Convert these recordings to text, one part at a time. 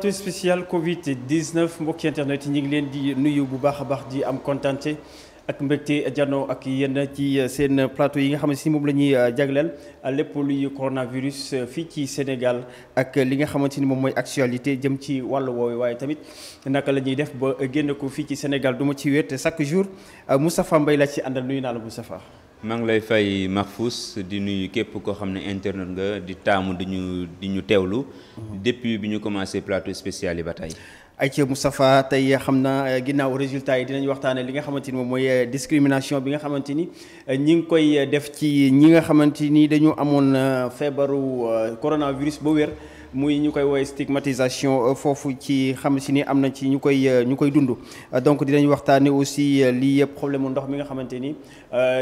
plateau spécial Covid 19 mbokki internet yi ñu ngi leen di nuyu bu baax a baax di am kontante ak mbégte jano ak yéen ci seen plateau yi nga xam ne si moom la ñuy euh, jagleel euh, lépp luy coronavirus euh, fii ci Sénégal ak li nga xamante ni moom mooy actualité jëm ci wàllu woowu waaye tamit naka la ñuy def ba génn ko fii ci Sénégal duma ma ci wéet chaque jour Moustapha mbay la ci àndal nuyu naa la Moustapha. maa ngi lay fay Mahfous di nuyu képp koo xam ne internet nga di taamu di ñu ñu teewlu. Mhm. depuis bi ñu commencé plateau spécial yi ba tey. ay ayca Moustapha tey xam na eh, ginnaaw résultat yi dinañ waxtaanee li nga xamante ni moom mooy eh, discrimination bi nga xamante ni eh, ñi ngi koy def ci ñi nga xamante ni dañu amoon feebaru coronavirus ba wér. muy ñu koy woowee stigmatisation euh, foofu ci xam si ni am na ci ñu koy euh, ñu koy dund euh, donc dinañu waxtaane aussi lii yëpp problème ndox mi nga xamante ni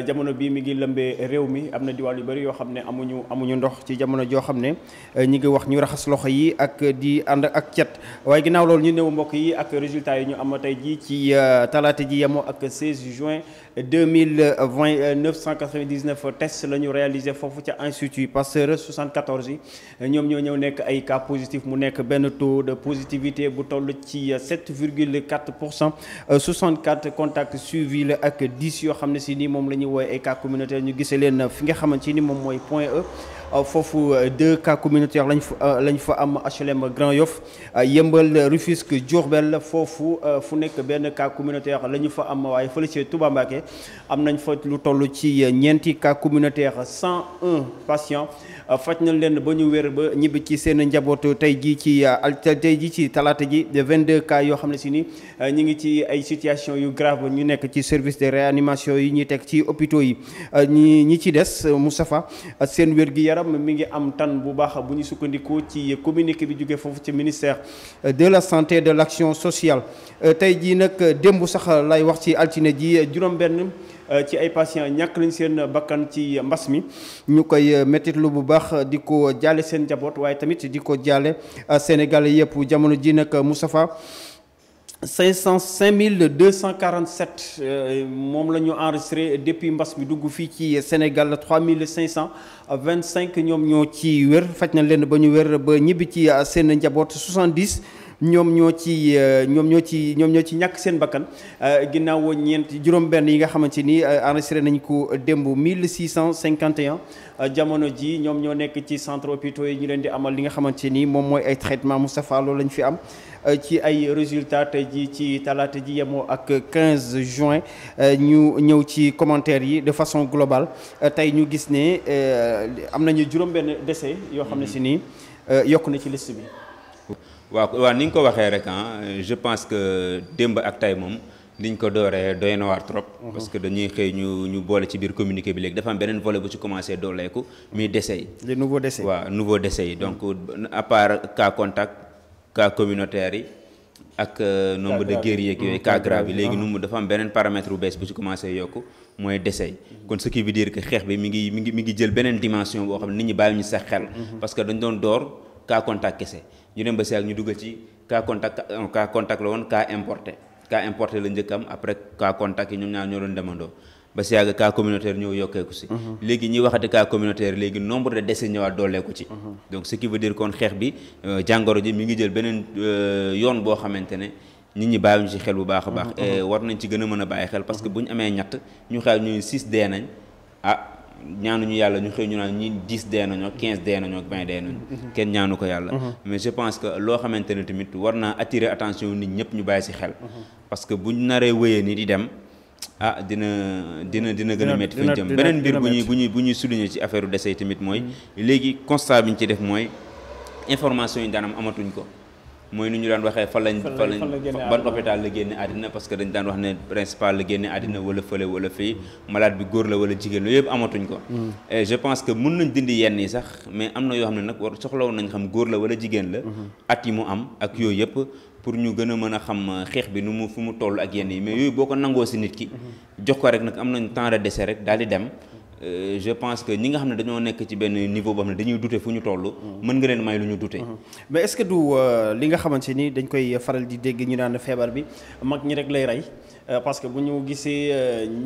jamono bii mi ngi lëmbee réew mi am na diwaan yu bëri yoo xam ne amuñu amuñu ndox ci jamono joo xam ne ñi ngi wax ñu raxas loxo yi ak di ànd ak cet waaye ginnaaw loolu ñu new mbokk yi ak résultat yi ñu am tey jii ci talaata ji yemoo ak 16 juin deux mille vingt neuf cent quatre vingt la ñu réalisé foofu ca institut Pasteur 74 yi ñoom ñoo ñëw nekk ay cas positif mu nekk benn taux de positivité bu toll ci 7 virgule 4 pour cent 64 contacts suivis la ak 10 yoo xam ne si ni moom la ñuy woowee ay cas communautaire ñu gisee leen fi nga xamante ni moom mooy point E. Euh, foofu euh, deux cas communautaires lañ fa euh, lañ fa am HLM Grand Yoff Yëmbal Rufisque Diourbel foofu fu nekk benn cas communautaire la ñu fa am waaye fële ci Touba am nañ fa lu toll ci ñeenti cas communautaire 101 patients faj nañ leen ba ñu wér ba ñibbi ci seen njaboot tey jii ci tey jii ci talaata ji de 22 cas yoo xam ne si ni ñu ngi ci ay situation yu grave ñu nekk ci service de réanimation yi ñuy teg ci opito yi ñi ñi ci des Moustapha seen yaram mi ngi am tan bu baax bu ñu sukkandiku ci communiqué bi jóge foofu ci ministère euh, de la santé de l' sociale euh, tey jii nag euh, démb sax lay wax ci altine ji juróom-benn ci ay patients ñàkk nañ seen bakkan ci mbas mi ñu koy mettitlu bu baax di ko jaale seen njaboot waaye tamit di ko jaale Sénégal yëpp jamono ji nag Moustapha cinq cent cinq mille deux cent quarante sept euh, moom la ñu enregistré depuis mbas bi dugg fii ci Sénégal trois mille cinq cent vingt cinq ñoom ñoo ci wér faj na leen ba ñu wér ba ñibbi ci euh, seen njaboot soixante dix ñoom ñoo ci euh, ñoom ñoo ci ñoom ñoo ci ñàkk seen bakkan euh, ginnaaw ñeent juróom-benn yi nga xamante ni euh, enregistré nañ ko démb 1651 jamono ji ñoom ñoo nekk ci centre hôpitaux yi ñu leen di amal li nga xamante ni moom mooy ay traitement Moustapha loolu lañ fi am ci ay résultats tey ji ci talaate ji yemoo ak 15 juin ñu ñëw ci commentaire yi de façon globale tey ñu gis ne am nañu juróom-benn décès yoo xam ne mm-hmm. si nii yokk na ci liste bi waaw waa ni ñu ko waxee rek ah je pense que démb ak tay moom liñ ko dooree doy na waar trop. Mhm. parce que dañuy xëy ñu ñu boole ci biir communiqué bi léegi dafa am beneen volet bu ci commencé dooleeku muy décès yi. les nouveaux décès waaw nouveaux décès yi donc à part cas contact cas yi. ak euh, nombre de guerriers yeeg yooyu cas grave yi mhm, léegi mu mhm. dafa am paramètre bu bees bu ci commencé yokk mooy décès kon ce qui veut dire xeex bi mi ngi mi ngi mi ngi jël beneen dimension boo xam ne nit ñi bàyyi ñu sax xel parce que dañu doon door cas kese ñu dem ba si ak ñu duggal ci cas contact euh, cas contact la woon ka importe ka importé la njëkkam après cas contact yi ñoom ñaar ñoo doon demandoo ba si yàgg cas communautaire ñëw yokkeeku si mhm. léegi ñi waxati cas communautaire léegi nombre de décès ñëwaat dooleeku ci mhm. donc ce qui xeex bi euh, jàngoro ji mi ngi jël beneen euh, yoon boo xamante ne nit ñi bàyyiwuñ ci xel bu baax a baax mhm. war nañ ci gën a mën a bàyyi xel parce que bu ñu amee ñett ñu xaar ñuy six dee nañ ah ñaanuñu yàlla ñu xëy ñu naan ñu dix dee nañoo quinze dee nañoo vingt dee nañu mhm. kenn ñaanu ko yàlla mhm. mais je pense que loo xamante ne tamit war naa attirer attention nit ñëpp ñu bàyyi si xel mhm. parce que buñ naree wéyee ni di dem ah dina dina dina gën a métti fuñ jëm beneen mbir bu ñuy bu ñuy bu ñuy souligner ci affaire u tamit mooy léegi constat bi ñu ci def mooy information yi daanam amatuñ ko mooy ni ñu daan waxee fan lañ fan lañ ban hôpital la génne àddina parce que dañ daan wax ne principal la génne àddina wala fële wala fii malade bi góor la wala jigéen la yëpp amatuñ ko hmm. je pense que mun nañ dindi yenn yi sax mais am na yoo xam ne nag war soxlawoon nañ xam góor wala jigéen la hmm. at yi mu am ak yooyu yëpp pour ñu gën a mën a xam xeex bi nu mu fu mu toll ak yenn yi mais yooyu boo ko nangoo si nit ki hmm. jox ko rek nag am nañ temps de décès rek daal di dem Euh, je pense que ñi nga xam ne dañoo nekk ci benn niveau boo xam ne dañuy dute fu ñu toll. mën nga leen may lu ñu dute. Mhm. mais est-ce que du euh, li nga xamante ni dañ koy faral di dégg ñu daan feebar bi mag ñi rek lay rey euh, parce que bu ñu gisee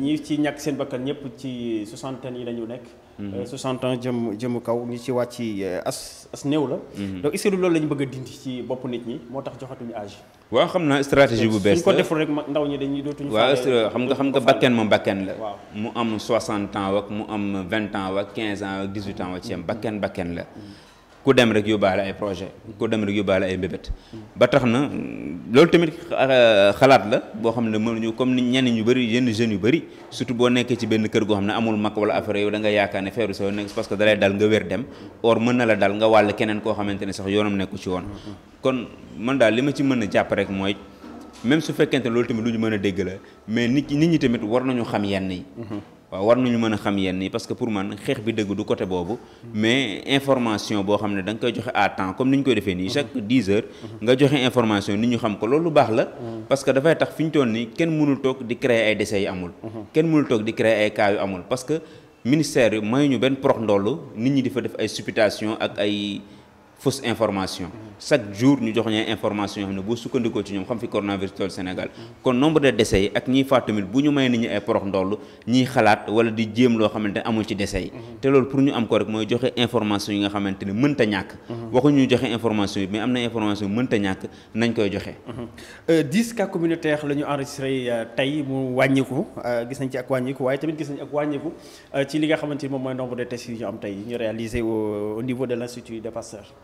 ñi ci ñàkk seen bakkan ñëpp ci soixantaine yi la ñu nekk. 61 mhm. euh, jëm jëm kaw ñi ci wàcc euh, as as néew la. Mhm. donc est loolu la bëgg a dindi ci bopp nit ñi moo tax joxatuñu âge. waa xam naa stratégie bu bees la suñ ko deful ndaw ñi dañuy dootuñu. waaw xam nga xam nga bakken moom bakken la. mu am 60 ans wak mu am vingt ans wak 15 ans wak 18 ans wak ci am bakken bakken la. Mhm. ku dem rek yóbbaale ay projet ku dem rek yóbbaale ay mbébét ba tax na loolu tamit xalaat la boo xam ne ni ñenn ñu bëri yu bëri surtout boo nekkee ci benn kër goo xam ne amul mag wala affaire yow da nga yaakaar ne feeru sa li ma a jàpp rek mooy même su fekkente loolu tamit lu ñu mën a dégg la mais nit nit ñi tamit war nañu xam yenn yi waaw war nañu mën a xam yenn yi parce que pour man xeex bi dëgg du côté boobu mais information boo xam ne da nga koy joxe à temps comme ni ñu koy defee nii chaque 10 heures nga joxe information ni ñu xam ko loolu baax la parce que dafay tax fi ñu toll nii kenn mënul toog di créer ay décès yu amul kenn mënul toog di créer ay cas yu amul parce que ministère yi mayuñu benn prox ndollu nit ñi di fa def ay supputation ak ay fausse information chaque jour ñu jox ñee information yoo xam ne boo sukkandikoo ci ñoom xam fi coronavirus toll Sénégal kon nombre de décès yi ak ñiy faatu tamit bu ñu may nit ñi ay porox ndoll ñiy xalaat wala di jéem loo xamante ne mënta ñàkk waxuñu ñu joxe information yi mais am na information mënta ñàkk nañ koy joxe. 10 euh, cas communautaires la ñu euh, mu wàññiku euh, gis nañ ci ak wàññiku waaye tamit gis nañ ak wàññiku ci li nga xamante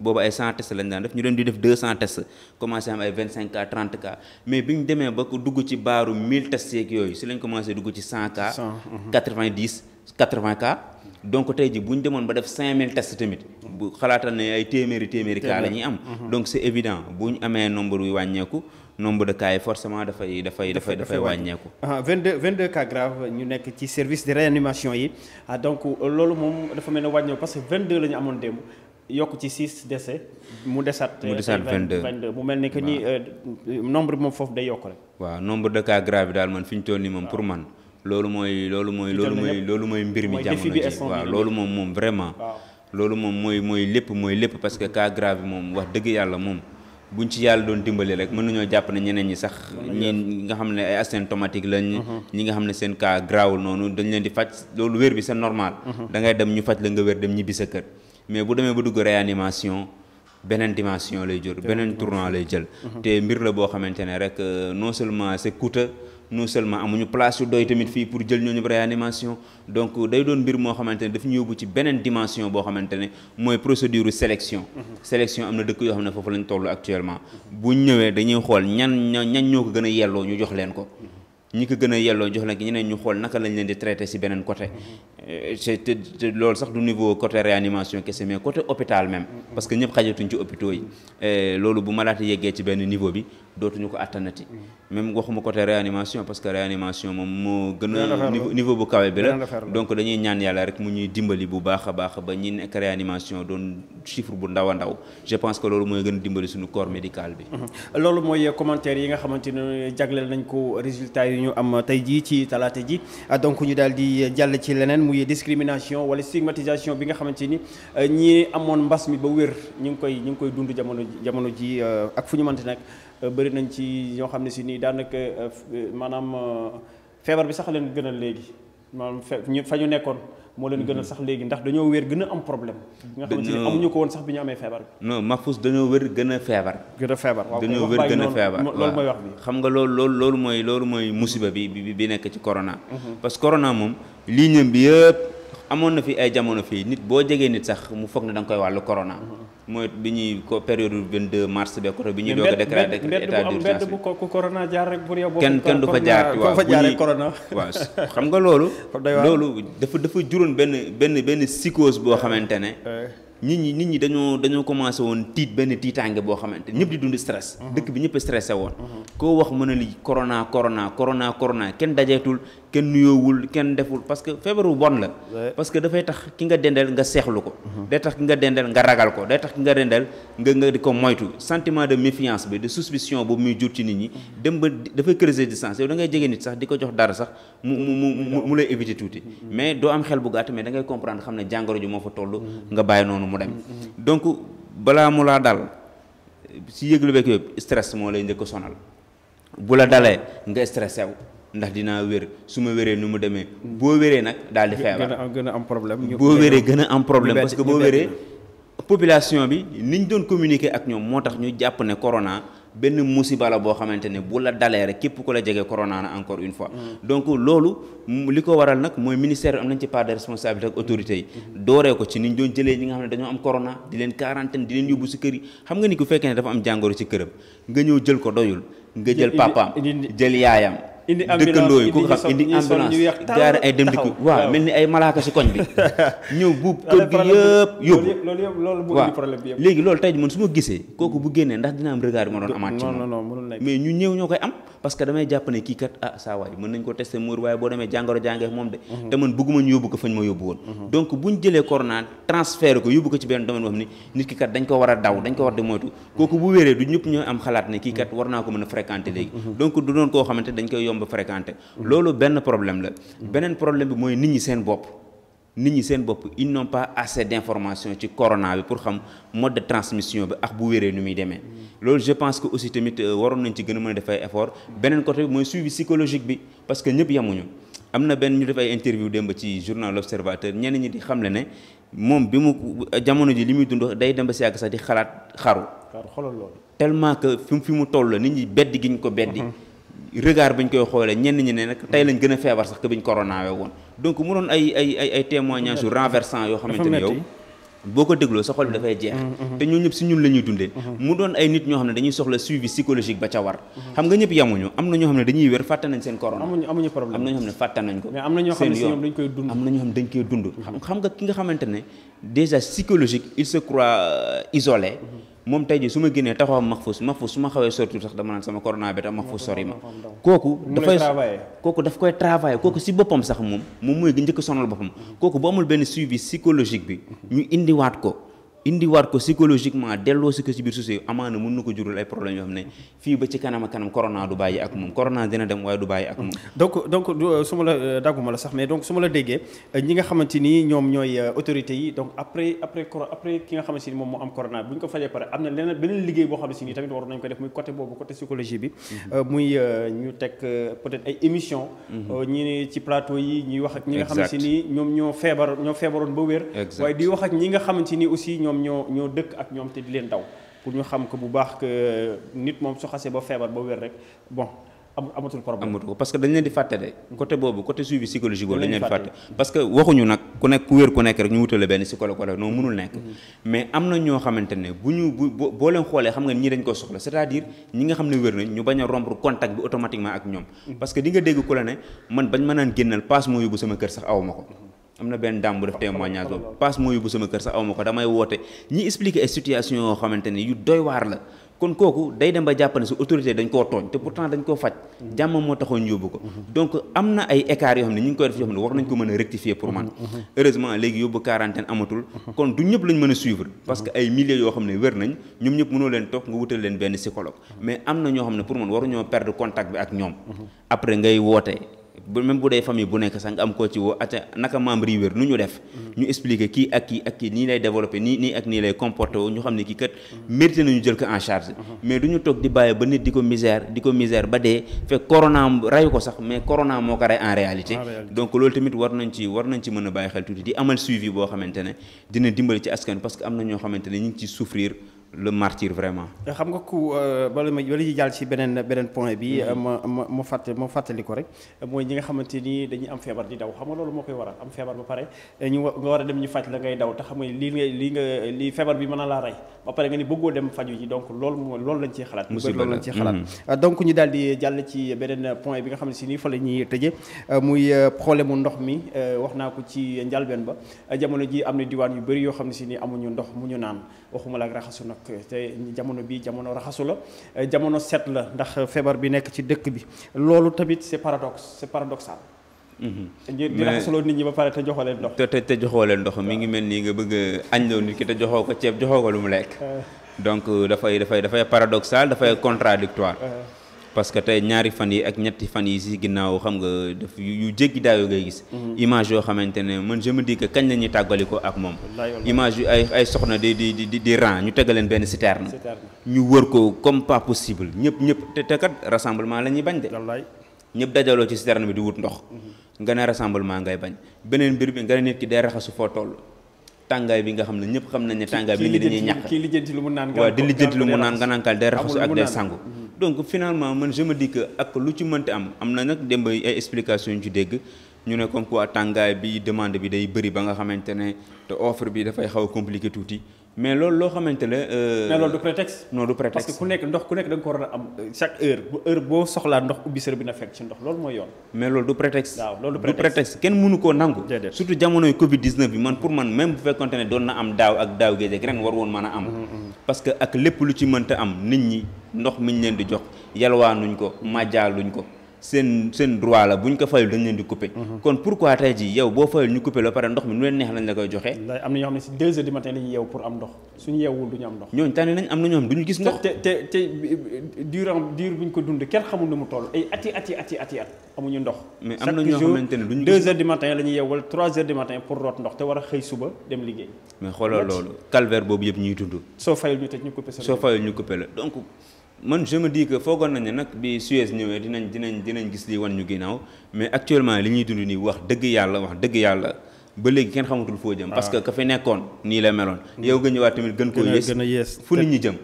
boobu ay 100 tests lañ daan def ñu doon di def 200 tests am ay 25 cas 30 cas mais bi ñu demee ba ko dugg ci baaru 1000 tests yeeg yooyu si lañ commencé dugg ci 100 cas. 100 90 80 cas. donc tey mhm. donc c' évident bu ñu amee nombre wàññeeku nombre de cas forcément dafay dafay dafay dafay wàññeeku. 22 22 ah, cas graves ñu nekk ci service de réanimation yi ah, donc loolu moom dafa mel wàññeeku parce que 22 la amoon démb yokk ci 6 décès mu desaat. mu desaat 22 22 mu mel ni que ni euh, nombre bi moom foofu day yokk rek. waaw nombre de cas grave daal man fi ñu toll nii moom pour man. loolu mooy loolu mooy loolu mooy loolu mooy mbir mi jamono ji waaw loolu moom moom vraiment. loolu moom mooy mooy lépp mooy lépp parce que cas grave moom wax dëgg yàlla moom ci yàlla doon dimbali rek mën nañoo jàpp ne ñeneen ñi sax. ñi nga xam ne ay asymptomatique lañ. Mhm. ñi xam ne seen cas grawul noonu dañ leen di faj loolu wér bi c'est normal. Mhm. da ngay dem ñu faj la nga wér dem ñibbi sa kër. mais bu demee ba dugg réanimation beneen dimension lay jël beneen tournant lay jël te mbir la boo xamante ne rek euh, non seulement c'est coûteux non seulement amuñu place yu doy tamit fii pour jël ñoo ñu ñooñu réanimation donc day doon mbir moo xamante ne daf ñu yóbbu ci beneen dimension boo xamante ne mooy procédure sélection sélection am na dëkk yoo xam ne foofu lañu toll actuellement bu ñëwee dañuy xool ñan ñan ñoo ko gën a yelloo ñu jox leen ko ñi ko gën a yelloo jox la ki ñeneen ñu xool naka lañ leen di traité si beneen côté euh, c'est te loolu sax du niveau côté réanimation kese mais côté hôpital même mm-hmm. parce que ñëpp xajatuñ ci hôpitaux yi euh, loolu bu malaata yeggee ci benn niveau bi dootuñu ko attanati mm. même waxuma côté réanimation parce que réanimation moom moo gën a niveau bu kawe bi la donc dañuy ñaan yàlla rek mu ñuy dimbali bu baax a baax ba ñi nekk réanimation doon chiffre bu ndaw ndaw je pense que loolu mooy gën a dimbali suñu corps médical bi mm-hmm. loolu mooy commentaire yi nga xamante ne jagleel nañ ko résultat yu ñu am tey jii ci talaata ji donc ñu daal di jàll ci leneen mu muy discrimination wala stigmatisation bi nga xamante ni ñi amoon mbas mi ba wér ñu ngi koy ñu ngi koy dund jamono jamono ji euh, ak fu ñu mënti nag Euh, bëri nañ ci ñoo xam ne si nii daanaka euh, euh, maanaam feebar bi sax leen gënal léegi maanaam fe ñu fa ñu nekkoon moo leen gënal mhm. sax léegi ndax dañoo wér gën a am problème. nga xam ne amuñu ko woon sax bi ñu amee feebar bi. non Mahfouz dañoo wér gën a feebar. gën a feebar waaw dañoo wér a feebar loolu xam nga loolu loolu loolu mooy loolu mooy musiba bi bi bi nekk ci corona. Mhm. parce corona moom lii ñëm bi yëpp. amoon na fi ay jamono fii nit boo jegee nit sax mu foog ne da nga koy wàllu corona. mooy bi ñuy ko période 22 mars be ko bi ñuy doog a déclaré état d'urgence bi bu corona jaar rek kenn kenn du fa jaar waaw fa xam nga loolu. loolu dafa dafa juróon benn benn benn psychose boo xamante ne. nit ñi nit ñi dañoo dañoo commencé woon tiit benn tiitaange boo xamante ñëpp di dund stress. Mhm. dëkk bi ñëpp stressé woon. Mhm. koo wax mën a li corona corona corona corona kenn dajeetul kenn nuyoowul kenn deful parce que feebaru bon la parce que dafay tax ki nga dendeel nga seexlu ko day tax ki nga dendeel nga ragal ko day tax ki nga dendeel nga nga di ko moytu sentiment de méfiance bi de suspicion boobu muy jur ci nit ñi dem ba dafay creuser distance yow da ngay jege nit sax di ko jox dara sax mu mu mu mu lay éviter tuuti mais doo am xel bu gàtt mais da ngay comprendre xam ne jàngoro ji moo fa toll nga bàyyi noonu mu dem donc balaa mu laa dal si yëglu beeg yooyu moo lay njëkk a sonal bu la dalee nga stressé wu ndax dinaa wér su ma wéree nu mu demee boo wéree nag daal di feebar gën a am problème boo wéree gën a am problème parce que boo wéree population bi niñ doon communiqué ak ñoom moo tax ñu jàpp ne corona benn musiba la boo xamante ne bu la dalee rek képp ku la jege corona na encore une fois. Mm. donc loolu li ko waral nag mooy ministère am nañ ci part de responsabilité ak autorités yi. dooree ko ci niñ ñu doon jëlee ñi nga xam ne dañoo am corona di leen quarantaine di leen si kër xam nga ni ku fekkee ne am jàngoro ci këram nga ñëw jël ko doyul. nga jël papaam jël yaayam. indi dëkkandoo yi ku ko xam indi ambulance gaari ay su ma gisee kooku bu génnee doon amaat ci ne kii kat ah saa waay mën nañ ko testé muur waaye boo demee jàngoro jàngee moom de mhm. te man bëgguma ko fañ ma yóbbu woon mhm. donc buñ jëlee corona transféré dañ ko war a daw dañ ko war di moytu mhm. kooku bu wéree du ñëpp ñoo am xalaat ne kii kat war naa ko mën a fréquenté léegi donc du doon koo xamante dañ koy yomb fréquenté loolu benn problème la beneen problème bi mooy nit ñi seen bopp nit ñi seen bopp ils n'ont pas assez d'informations ci corona bi pour xam mode de transmission bi ak bu wéree nu muy demee loolu je pense que aussi tamit euh, waroon nañ ci gën a mën a dafay effort beneen côté bi mooy suivi psychologique bi parce que ñëpp yemuñu am na benn ñu def ay interview démb ci journal L'Observateur ñenn ñi di xamle ne moom bi mu jamono ji li muy dund day dem ba si yàgg di xalaat xaru. xaru xoolal loolu. mu fi mu toll nit ñi regard bi ñu koy xoolee ñenn ñi ne nag tey lañ gën a feebar sax que biñ woon donc mu doon ay ay ay renversant yoo xamante mm-hmm, mm-hmm. Mm-hmm. ne yow am na ñoo xam ne dañ koy dund xam nga ki nga xamante ne déjà psychologique il se croit euh, isolé moom tey ji su ma génnee taxawam maxfus maxfus su ma xawee sorti sax dama naan sama corona bi tam maxfus sori ma kooku dafay kooku daf koy travailler kooku si boppam sax moom moom mooy njëkk sonal boppam kooku bu amul benn suivi psychologique bi ñu indiwaat ko indiwaat ko psychologiquement delloo si ko si biir société amaana mën na ko jural ay problème yoo xam ne fii ba ci kanam a kanam corona du bàyyi ak moom corona dina dem waaye du bàyyi ak moom. donc donc euh, su la euh, dagguma la sax mais donc su la déggee euh, ñi nga xamante yi donc après après coro après ki nii yi ñuy wax ñi nga xamante ni ñoom ñoo feebar ñoo feebaroon ba wér. waaye di wax ak ñi nga xamante ni aussi ñoom ñoo ñoo dëkk ak ñoom te di leen daw pour ñu xam ko bu baax que euh, nit moom su xasee ba feebar ba wér rek bon amatul problème amatul parce que dañ leen di fàtte de côté boobu côté suivi psychologique boobu dañ di fàtte parce que waxuñu nag ku nekk ku wér ku nekk rek ñu wutale benn psychologue wala noonu mënul nekk mm-hmm. mais am na ñoo xamante ne bu ñu bu boo leen xoolee xam nga ñii dañ ko soxla c'est-à-dire ñi nga xam ne wér nañ ñu bañ a rompre contact bi automatiquement ak ñoom mm-hmm. parce que di nga dégg ku la ne man bañ ma naan génnal passe moo yóbbu am na benn dàmm bu def témoignage boobu passe moo yóbbu sama kër sax aw ma ko damay woote ñi expliquer ay situation yoo xamante ni doy waar la kon kooku day dem ba jàpp su autorité dañ koo tooñ te pourtant dañ koo faj jàmm moo taxoon yóbbu ko donc am na ay écarts yoo xam ne ñu ngi koy def yoo xam ne war nañ ko mën pour man heureusement léegi yóbbu quarantaine amatul kon du ñëpp lañ mën a suivre parce que ay milliers yoo xam ne wér nañ ñoom ñëpp mënoo leen toog nga wutal leen benn psychologue mais am na ñoo xam ne pour man waruñoo perdre contact bi ak ñoom après ngay woote bu même bu dee famille bu nekk sax nga am koo ci woo ata naka membre yi nu ñu def ñu expliquer kii ak kii ak kii nii lay développé nii nii ak nii lay comporté woo ñu xam ne kii kat mérité nañu jël ko en charge mais du ñu toog di bàyyi ba nit di ko misère di ko misère ba dee fekk corona rayu ko sax mais corona moo ko rey en réalité donc loolu tamit war nañ ci war nañ ci mën a bàyyi xel tuuti di amal suivi boo xamante ne dina dimbali ci askan parce que am na xamante ne ñu ngi ci le martyr vraiment. Euh, xam nga ku euh, bala ma bala ñu jàll ci beneen beneen point bi. Mm-hmm. Euh, ma ma ma fàtte ma fàttali ko rek mooy ñi nga xamante nii dañuy am feebar di daw xam nga loolu moo koy waral am feebar ba pare ñu nga war dem ñu faj la ngay daw te xam nga lii nga nga lii feebar bi mën na laa rey ba pare nga ni bëggoo dem faju ji donc loolu moo loolu lañ ciy xalaat. musiba loolu lañ ciy xalaat. Mm-hmm. donc ñu daal di jàll ci beneen point bi nga xam ne si nii fa la ñuy tëjee muy problème mu ndox mi wax naa ko ci njàlbeen ba jamono ji am na diwaan yu bëri yoo xam ne si nii amuñu ndox mu ñu naan waxuma la raxasu na nag te jamono bii jamono raxasu la eh, jamono set la ndax feebar bi nekk ci dëkk bi loolu tamit c'est paradoxe c'est paradoxal mhm. di raxasuloo nit ñi ba pare te joxoo leen ndox te te joxoo leen ndox mi ngi mel nii nga bëgg a añloo nit ki te joxoo ko ceeb joxoo ko lu mu lekk eh. donc euh, dafay dafay dafay paradoxal dafay contradictoire eh. parce que tey ñaari fan yi ak ñetti fan yi si ginnaaw xam nga daf yu jéggi daayoo ngay gis mhm. image yoo xamante ne man je me dis kañ la ñuy tàggali ko ak moom image yu ay ay soxna di di di di rang ñu leen benn citerne ñu wër ko comme pas possible ñëpp ñëpp te te kat rassemblement la ñuy bañ de ñëpp dajaloo ci citerne bi di wut ndox mhm. nga ne rassemblement ngay bañ beneen mbir bi nga ne nit ki day raxasu foo toll tàngaay bi nga xam ne ñëpp xam nañ ne tàngaay bi ngi dañuy ñàkk waaw di lijjanti lu mu naan nga naan kaal day raxasu ak day donc finalement man je me ak lu ci mënti am am na nag démb ay explications yu ci dégg ñu ne comme quoi tàngaay bi demande bi day bëri ba nga xamante ne te offre bi dafay xaw a compliqué tuuti mais loolu loo xamante la. Euh, mais loolu du prétexte. non du prétexte parce que ku ndox ku nekk da nga ko war a am euh, chaque heure bi na fekk ci ndox loolu mooy yoon. mais loolu du prétexte. waaw loolu du kenn mënu koo nangu. surtout jamonoy Covid 19 bi man pour man même bu fekkonte ne doon na am daaw ak daaw géej ak war woon mën a am. Mm-hmm, mm-hmm. parce que ak lépp lu ci mënta am nit ñi. ndox miñ leen di jox yalwaanuñ ko majaaluñ ko seen seen droit la buñ ko fayul dañ leen di couper. Mhm. kon pourquoi tey jii yow boo fayul ñu couper la pare ndox mi nu leen neex lañ la koy ñu am ndox. ñooñu tànn nañ am na ñoom te te te durant diir bu ñu ko dund kenn xamul nu mu toll ay ati at amuñu am ñu gis 2 heures du matin la ñuy yeewu wala 3 heures du matin pour root ndox te a xëy suba dem liggéey. loolu calvaire boobu yëpp ñuy dund. soo fayul ñu tëj ñu couper la donc man je me dis foogoon nañ ne nag bi Suez ñëwee dinañ dinañ dinañ gis lii wan ñu ginnaaw mais actuellement li ñuy dund nii wax dëgg yàlla wax dëgg yàlla ba léegi kenn xamatul foo jëm. parce que ka fi nekkoon nii la meloon. yow nga ñëwaat tamit gën koo yées fu nit ñi jëm.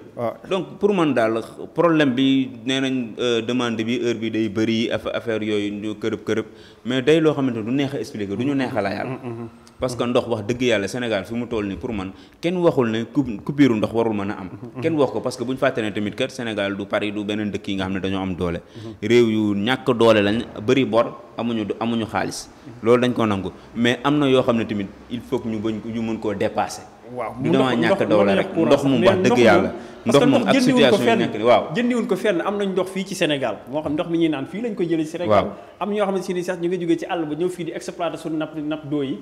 donc pour man daal problème bi nee nañ euh, demande bi heure bi day bëri affaire yooyu ñu kërëb kërëb mais day loo xamante du neex a du ñu neex a la yàlla mm-hmm. parce que ndox wax dëgg yàlla Sénégal fi mu toll nii pour man kenn waxul ne coupure ndox warul mën a am kenn wax ko parce que bu ñu fàtte tamit kat Sénégal du Paris du beneen dëkk yi nga xam ne dañoo am doole réew yu ñàkk doole lañ bëri bor amuñu amuñu xaalis loolu dañ ko nangu mais am na yoo xam ne tamit il faut que ñu bañ ñu mën koo dépasser waaw du dama ñàkk doole rek ndox moom wax dëgg yàlla ndox moom ak situation yi nekk waaw jëndiwuñ ko fenn am nañ ndox fii ci Sénégal moo xam ndox mi ñuy naan fii lañ ko jëlee ci Sénégal am ñoo xamante ni sax ñu ngi jógee ci àll ba ñëw fii di exploiter suñu napp napp doo yi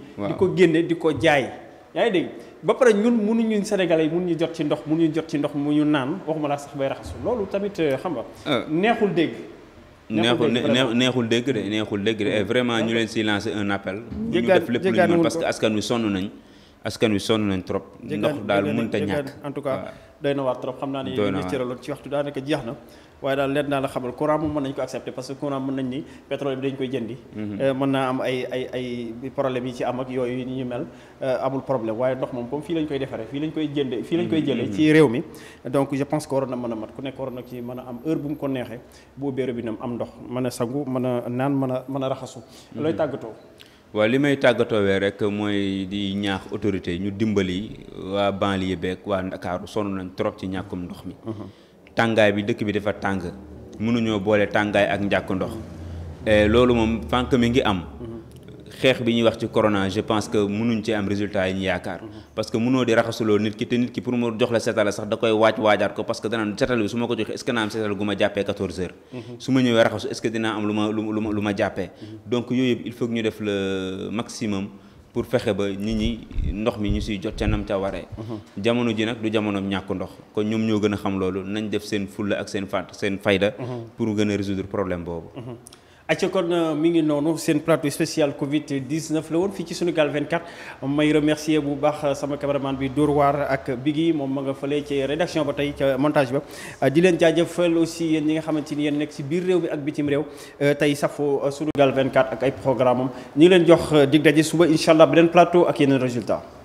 di ko jaay yaa ngi dégg ba pare ñun mënuñu Sénégalais yi mënuñu jot ci ndox mënuñu jot ci ndox mu ñu naan waxuma laa sax bay raxasu loolu tamit euh, xam nga euh, neexul dégg neexul neexul dégg de neexul dégg de vraiment ñu leen ci lancer un appel ñu def lépp lu ñu parce que askan wi sonn nañ askan wi sonn nañ trop. ndox daal mënut a ñàkk en tout cas doy na waar trop xam naa ne ministère loolu ci waxtu daanaka jeex na waaye daal leen naa la xamal courant moom mën nañ ko accepté parce que courant mën nañ ni pétrole bi dañ koy jëndi mhm. euh, mën naa am ay ay ay problème yi ci am ak yooyu ni ñu mel euh, amul problème waaye ndox moom comme fii lañ koy defaree fii lañ koy jëndee fii lañ koy mhm. jëlee mhm. ci réew mi donc je pense que waroon na mën a mat ku nekk waroon na ci mën a am heure bu mu ko neexee bu ubbee robinet am ndox mën a mën a naan mën a mën a raxasu looy tàggatoo waaw li may tàggatoo we rek mooy di ñaax autorité ñu dimbali waa banlieue beeg waa Ndakaaru sonn nañ trop ci ñàkkum ndox mi mhm. tàngaay bi dëkk bi dafa tàng mënuñoo boole tàngaay ak njàkk ndox eh, loolu moom fànk mi ngi am xeex bi ñuy wax ci corona je pense que mënuñ ci am résultat yi ñu yaakaar parce que mënoo di raxasuloo nit ki te nit ki pour mu jox la setal sax da koy waaj waajaat ko parce que danaan setal bi su ma ko joxee est naa am setal gu ma jàppee 14 heures mhm. su ma ñëwee raxasu est dinaa am lu ma lu ma jàppee mhm. donc yooyu yëpp il faut que ñu def le maximum pour fexe ba nit ñi ndox mi ñu si jot ca nam ca waree mhm. jamono ji nag du jamono ñàkk ndox kon ñoom ñoo gën a xam loolu nañ def seen fulla ak seen fat a résoudre problème acca kon euh, mi ngi noonu seen plateau spécial Covid 19 la woon fii ci Sunugal 24 may remercier bu baax euh, sama cameraman bi Dóor waar ak bi Biggi moom ma nga fële ci rédaction ba tey ca montage ba euh, di leen jaajëfal aussi yéen ñi nga xamante ni yéen nekk ci biir réew bi ak bitim réew tey sunu safo Sunugal 24 ak ay programme am ñu leen jox dig daje suba incha allah beneen plateau ak yeneen résultat